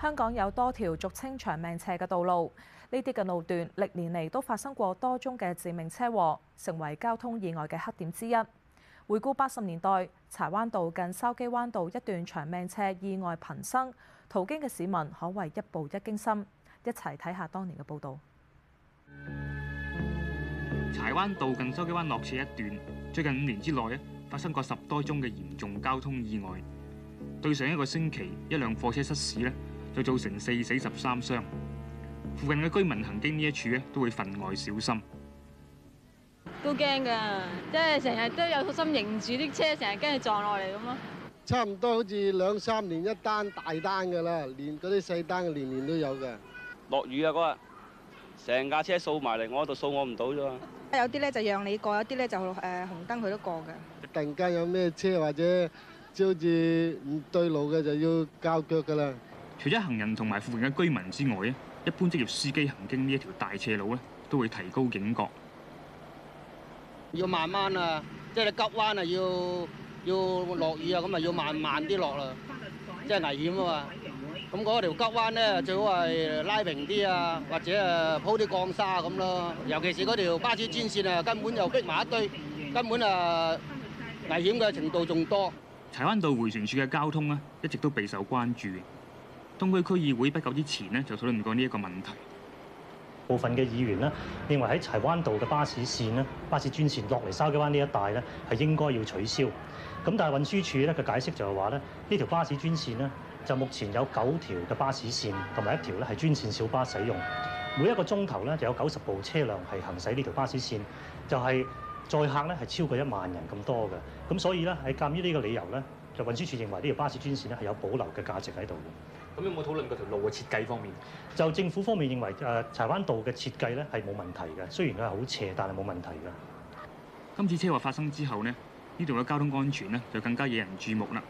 香港有多條俗稱長命斜嘅道路，呢啲嘅路段歷年嚟都發生過多宗嘅致命車禍，成為交通意外嘅黑點之一。回顧八十年代，柴灣道近筲箕灣道一段長命斜意外頻生，途經嘅市民可謂一步一驚心。一齊睇下當年嘅報導。柴灣道近筲箕灣落斜一段，最近五年之內咧發生過十多宗嘅嚴重交通意外。對上一個星期，一輛貨車失事咧。就造成四死十三傷，附近嘅居民行經呢一處咧，都會分外小心。都驚㗎，即係成日都有個心迎住啲車，成日驚佢撞落嚟咁咯。差唔多好似兩三年一單大單㗎啦，連嗰啲細單嘅年年都有嘅。落雨啊，嗰日，成架車掃埋嚟，我度掃我唔到啫。有啲咧就讓你過，有啲咧就誒紅燈佢都過嘅。突然間有咩車或者招住唔對路嘅，就要交腳㗎啦。除咗行人同埋附近嘅居民之外咧，一般職業司機行經呢一條大斜路咧，都會提高警覺。要慢慢啊，即係你急彎啊，要要落雨啊，咁啊要慢慢啲落啦，即係危險啊嘛。咁嗰條急彎咧，最好係拉平啲啊，或者啊鋪啲鋼沙咁咯。尤其是嗰條巴士專線啊，根本又逼埋一堆，根本啊危險嘅程度仲多。柴灣道回城處嘅交通咧，一直都備受關注。東區區議會不久之前呢，就討論過呢一個問題。部分嘅議員呢，認為喺柴灣道嘅巴士線咧，巴士專線落嚟筲箕灣呢一帶呢，係應該要取消。咁但係運輸署咧嘅解釋就係話咧，呢條巴士專線呢，就目前有九條嘅巴士線同埋一條咧係專線小巴使用，每一個鐘頭呢，就有九十部車輛係行駛呢條巴士線，就係、是、載客呢係超過一萬人咁多嘅。咁所以呢，係鑑於呢個理由呢，就運輸署認為呢條巴士專線呢係有保留嘅價值喺度嘅。咁有冇討論過條路嘅設計方面？就政府方面認為誒柴灣道嘅設計咧係冇問題嘅，雖然佢係好斜，但係冇問題嘅。今次車禍發生之後咧，呢度嘅交通安全咧就更加惹人注目啦。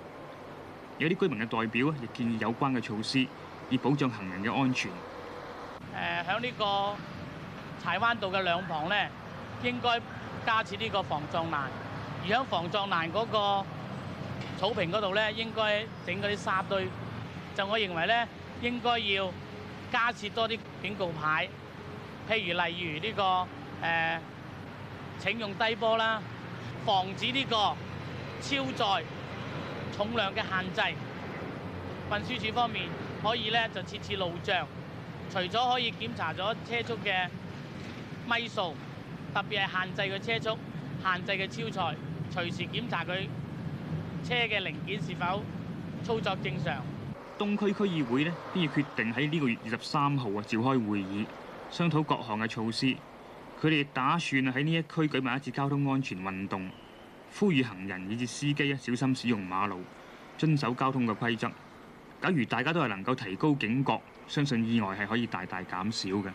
有啲居民嘅代表咧亦建議有關嘅措施，以保障行人嘅安全。誒，喺呢個柴灣道嘅兩旁咧，應該加設呢個防撞欄，而喺防撞欄嗰個草坪嗰度咧，應該整嗰啲沙堆。就我認為咧，應該要加設多啲警告牌，譬如例如呢、這個誒、呃、請用低波啦，防止呢個超載重量嘅限制。運輸署方面可以咧就設置路障，除咗可以檢查咗車速嘅咪數，特別係限制嘅車速，限制嘅超載，隨時檢查佢車嘅零件是否操作正常。東區區議會呢今要決定喺呢個月二十三號啊召開會議，商討各項嘅措施。佢哋打算喺呢一區舉辦一次交通安全運動，呼籲行人以及司機啊小心使用馬路，遵守交通嘅規則。假如大家都係能夠提高警覺，相信意外係可以大大減少嘅。